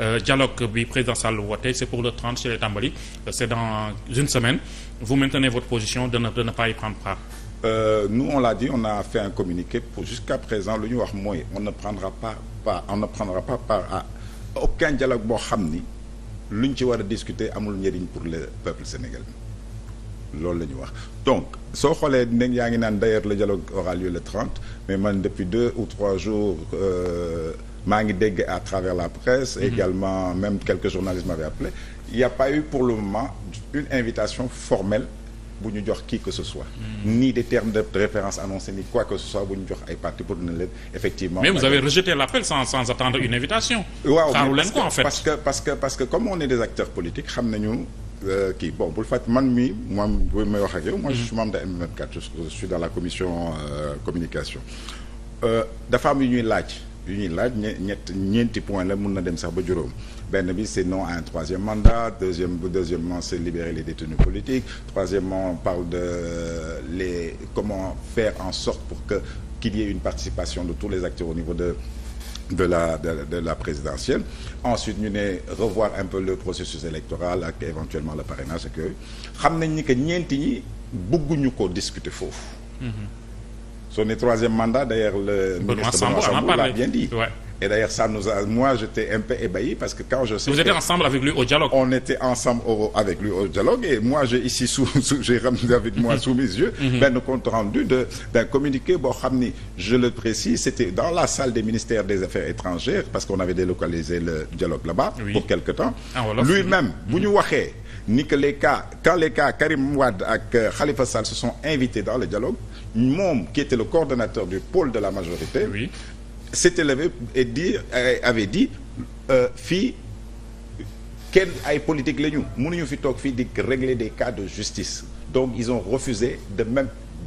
Euh, dialogue bi président Sall woote c'est pour le trente ci lay tàmbali euh, c'est dans une semaine vous maintenez votre position de ne de ne pas y prendre part. Euh, nous on l'a dit on a fait un communiqué pour jusqu'à présent lu ñu wax mooy on ne prendra pas part on ne prendra pas part à aucun dialogue boo xam ni lu luñ ci war a discuter amul njëriñ pour le peuple sénégalais. loolu la ñu wax donc soo xoolee ndeng yaa ngi naan d'ailleurs le dialogue aura lieu le 30 mais man depuis deux ou trois jours euh, maa ngi dégg à travers la presse mm également même quelques journalistes m'avaient appelé il n'y a pas eu pour le moment une invitation formelle bu qui que ce soit. Mm. ni des termes de référence annoncés ni quoi que ce soit bu ñu jox pour dina effectivement. mais vous avez rejeté l'appel sans attendre une invitation. waaw xaaru leen comme on est des acteurs politiques xam nañu. Euh, kii bon bul fàtt man mi moom bu may wax ak yow. moi je suis membre de m dans la commission euh, communication. Euh, dafa am yu ñuy laaj yu ñuy laaj ñett ñeenti point la mun na dem sax ba juróom benn bi c'est non à un troisième mandat deuxième bu deuxièmement c'est libérer les détenus politiques troisièmement on parle de les comment faire en sorte pour que qu'il y ait une participation de tous les acteurs au niveau de de la de de la présidentielle ensuite ñu ne revoir un peu le processus électoral ak éventuellement le parrainage ak yooyu ni que ñeenti ñi bëgguñu ko discuter foofu. soo mhm. ne troisième mandat d'ailleurs le. ministre Benno Sambou l'a bien dit. Et d'ailleurs, ça nous un peu ébahi parce que quand je sais Vous étiez ensemble avec lui au dialogue On était ensemble au, avec lui et moi, j'ai ici, j'ai ramené avec moi mhm. sous mes yeux, mhm. ben, le compte rendu d'un communiqué. Bon, je le précise, c'était dans la salle des ministères des Affaires étrangères parce qu'on avait délocalisé le dialogue là-bas oui. pour quelque temps. Ah, Lui-même, Bougnou mhm. ni que les cas, quand les cas Karim Ouad et euh, Khalifa se sont invités dans le dialogue, Mom, qui était le coordonnateur du pôle de la majorité, oui. s'était levé et dit avait dit euh, fii kenn ay politique la ñu mënuñu fi toog fii di régler des cas de justice donc ils ont refusé de même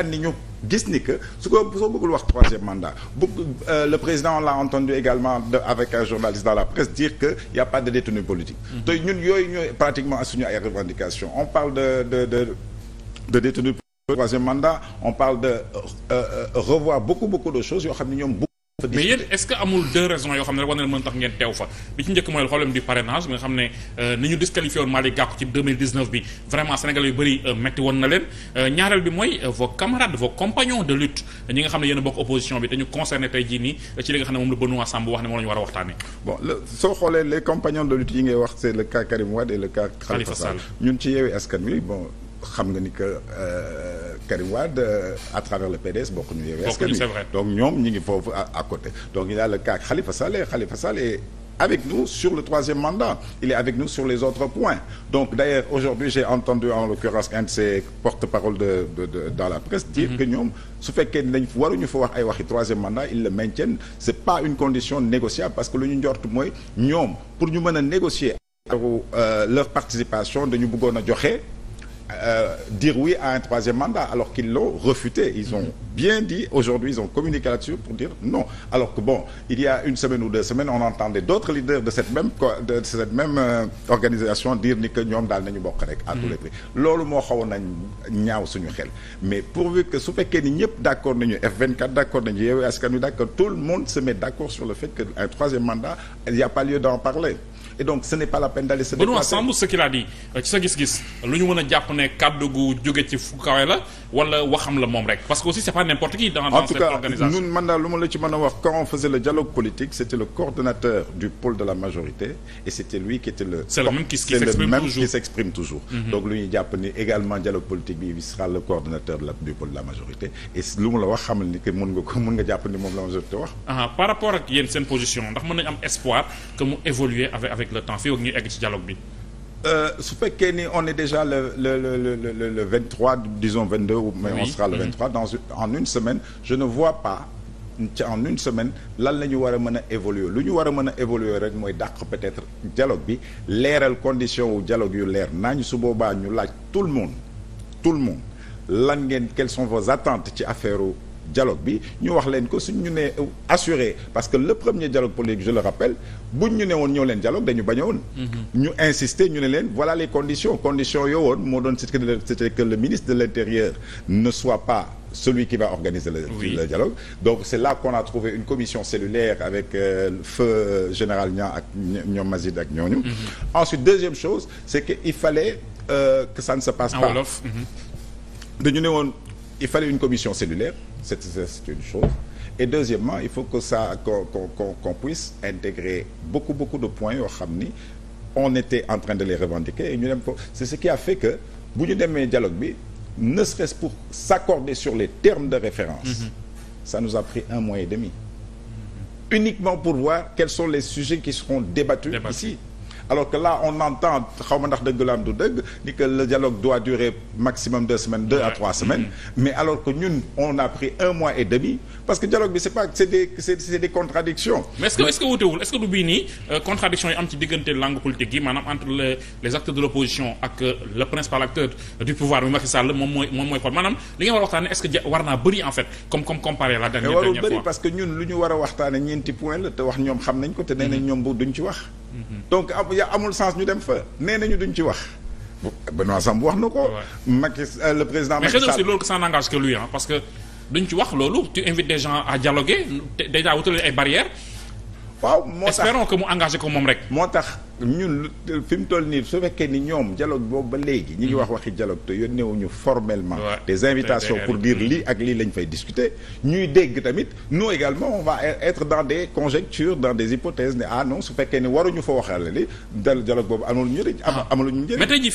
andi ñu gis ni que su ko soo bëggul wax troisième mandat bu euh, le président l'a entendu également de avec un journaliste dans la presse dire que y a pas de détenu politique mm-hmm. te ñun yooyu ñooy pratiquement suñu ay revendication on parle de de de de détenu euh, euh, revoir beaucoup beaucoup de choses yoo xam ne ñoom mais yéen est-ce que amul deux raisons yoo xam ne rek war na mën ngeen teew fa bi ci njëkk mooy problème du parrainage bi nga xam ne euh, ni ñu disqualifié woon Malick Gakou ci bi vraiment euh, euh, nga xam ne yéen bokk opposition bi te ñu concerné tey jii nii ci li nga xam ne moom la Benoît Sambou wax ne moom la war a waxtaanee. bon soo xoolee les compagnons de lutte yi ngay wax c'est le cas Karim et le cas Khalifa Sall ñun ci Yewwi Askan Wi bon xam nga ni que euh, Karim Wade euh, à travers le PDS bokkuñu Yewwi Askan Wi ñoom ñi ngi foofu à côté donc il y a le cas Khalifa Sall Khalifa avec nous sur le troisième mandat il est avec nous sur les autres points donc d'ailleurs aujourd'hui j'ai entendu en l'occurrence un de ses porte-parole de, de, de dans la presse dire mm-hmm. que ñoom su fekkee ne dañ waruñu fa wax ay waxi troisième mandat ils le maintiennent c'est pas une condition négociable parce que lu ñu njort mooy ñoom pour ñu mën a négocier euh, leur participation dañu bëggoon a joxe euh, dire oui à un troisième mandat alors qu'ils l'ont refuté. Ils ont bien dit, aujourd'hui ils ont communiqué là-dessus non. Alors que bon, il y a une semaine ou deux semaines, on entendait d'autres leaders de cette même, de cette même euh, organisation dire ni que ñoom daal nañu bokk rek à tous les prix. loolu moo xawoon nañ ñaaw suñu xel mais pourvu que su fekkee ni ñëpp d'accord nañu F24 d'accord nañu Yewwi tout le monde se met d'accord sur le fait que troisième mandat a pas lieu et donc ce n'est pas la peine d'aller se euh, ci sa gis-gis lu ñu mën a jàpp ne kàddu gu jóge ci fu kawe la wala waxam la moom rek parce que aussi c'est pas n'importe qui dans lu ma la ci mën a wax quand on faisait le dialogue politique c'était le coordonnateur du pôle de la majorité et c'était lui qui était le. c'est le même qui s'exprime toujours mhm. donc lu ñuy également dialogue politique bi sera le coordonnateur du pôle de la majorité et lu mu la wax xamal ni que mën nga ko mën nga jàpp ni moom la majorité ah, par rapport ak yéen seen position ndax mën nañu am espoir que mu évoluer avec le temps fii ak ñuy egg ci dialogue bi. Euh, su fekkee ni on est déjà le le le le le le 23 disons 22 ou mais on sera le 23 mm-hmm. dans en une semaine je ne vois pas ci en une semaine lan la ñu war a mën a évoluer lu ñu war a mën a évoluer rek mooy dàq peut-être dialogue bi leeral condition wu dialogue yu leer nañ su boobaa ñu laaj tout le monde tout le monde lan ngeen quelles sont vos attentes ci affaire dialogue bi ñu wax leen ko suñ ñu ne assure parce que le premier dialogue politique je le rappelle bu ñu ne woon ñëw leen dialogue dañu ba a woon mhm. ñu insister ñu ne leen voilà les conditions conditions yoo woon moo doon c'était que le ministre de l'intérieur ne soit pas celui qui va organiser le, oui. le dialogue donc c'est là qu'on a trouvé une commission cellulaire avec euh, feu général Niang ak ñoom Mazid ak ñooñu mhm. ensuite deuxième chose c'est que il fallait euh, que ça ne se passe mhm. ne woon il fallait une commission cellulaire c'est une chose. Et deuxièmement, il faut que ça qu'on qu qu puisse intégrer beaucoup, beaucoup de points au Khamni. On était en train de les revendiquer. C'est ce qui a fait que, si nous dialogue, ne serait-ce pour s'accorder sur les termes de référence, mm -hmm. ça nous a pris un mois et demi. Mm -hmm. Uniquement pour voir quels sont les sujets qui seront débattus Débattu. ici. alors que là on entend xaw ma ndax dëgg la am du dëgg ni dialogue doit durer maximum deux semaines deux à trois semaines mais alors que ñun on a pris un mois et demi parce que dialogue bi c'est pas c'est c'est, des contradictions mais est-ce est est euh, diggante langue politique yi maanaam entre les acteurs de l'opposition ak euh, le principal acteur du pouvoir bi Macky Sall moom mooy moom mooy xool maanaam li nga war a waxtaane est-ce que war naa bëri en fait a waxtaane ñeenti point la wax ñoom xam nañ ko te nee nañ mhm. ñoom bu duñ donc ya amul sens ñu dem fa nee nañu duñ ci wax. Benoît Sambou wax na ko. Macky euh, le président Macky Sall mais xëy na aussi loolu ça n'engage parce que duñ ci wax loolu tu invites des gens à dialoguer déjà wutale ay barrières. waaw moo tax que mu engagé ko moom rek. moo tax ñun fi mu toll nii su fekkee ni ñoom dialogue boobu ba léegi. ñu ngi wax mhm. waxi dialogue te newuñu formellement. des invitations pour dire li ak lii lañ fay discuter. ñuy dégg tamit nous également on va e-, être dans des conjectures dans des hypothèses ne ah non su fekkee ni waruñu fa waxale li dialogue boobu amul ñu njëriñ. Ah. amaluñu njëriñ.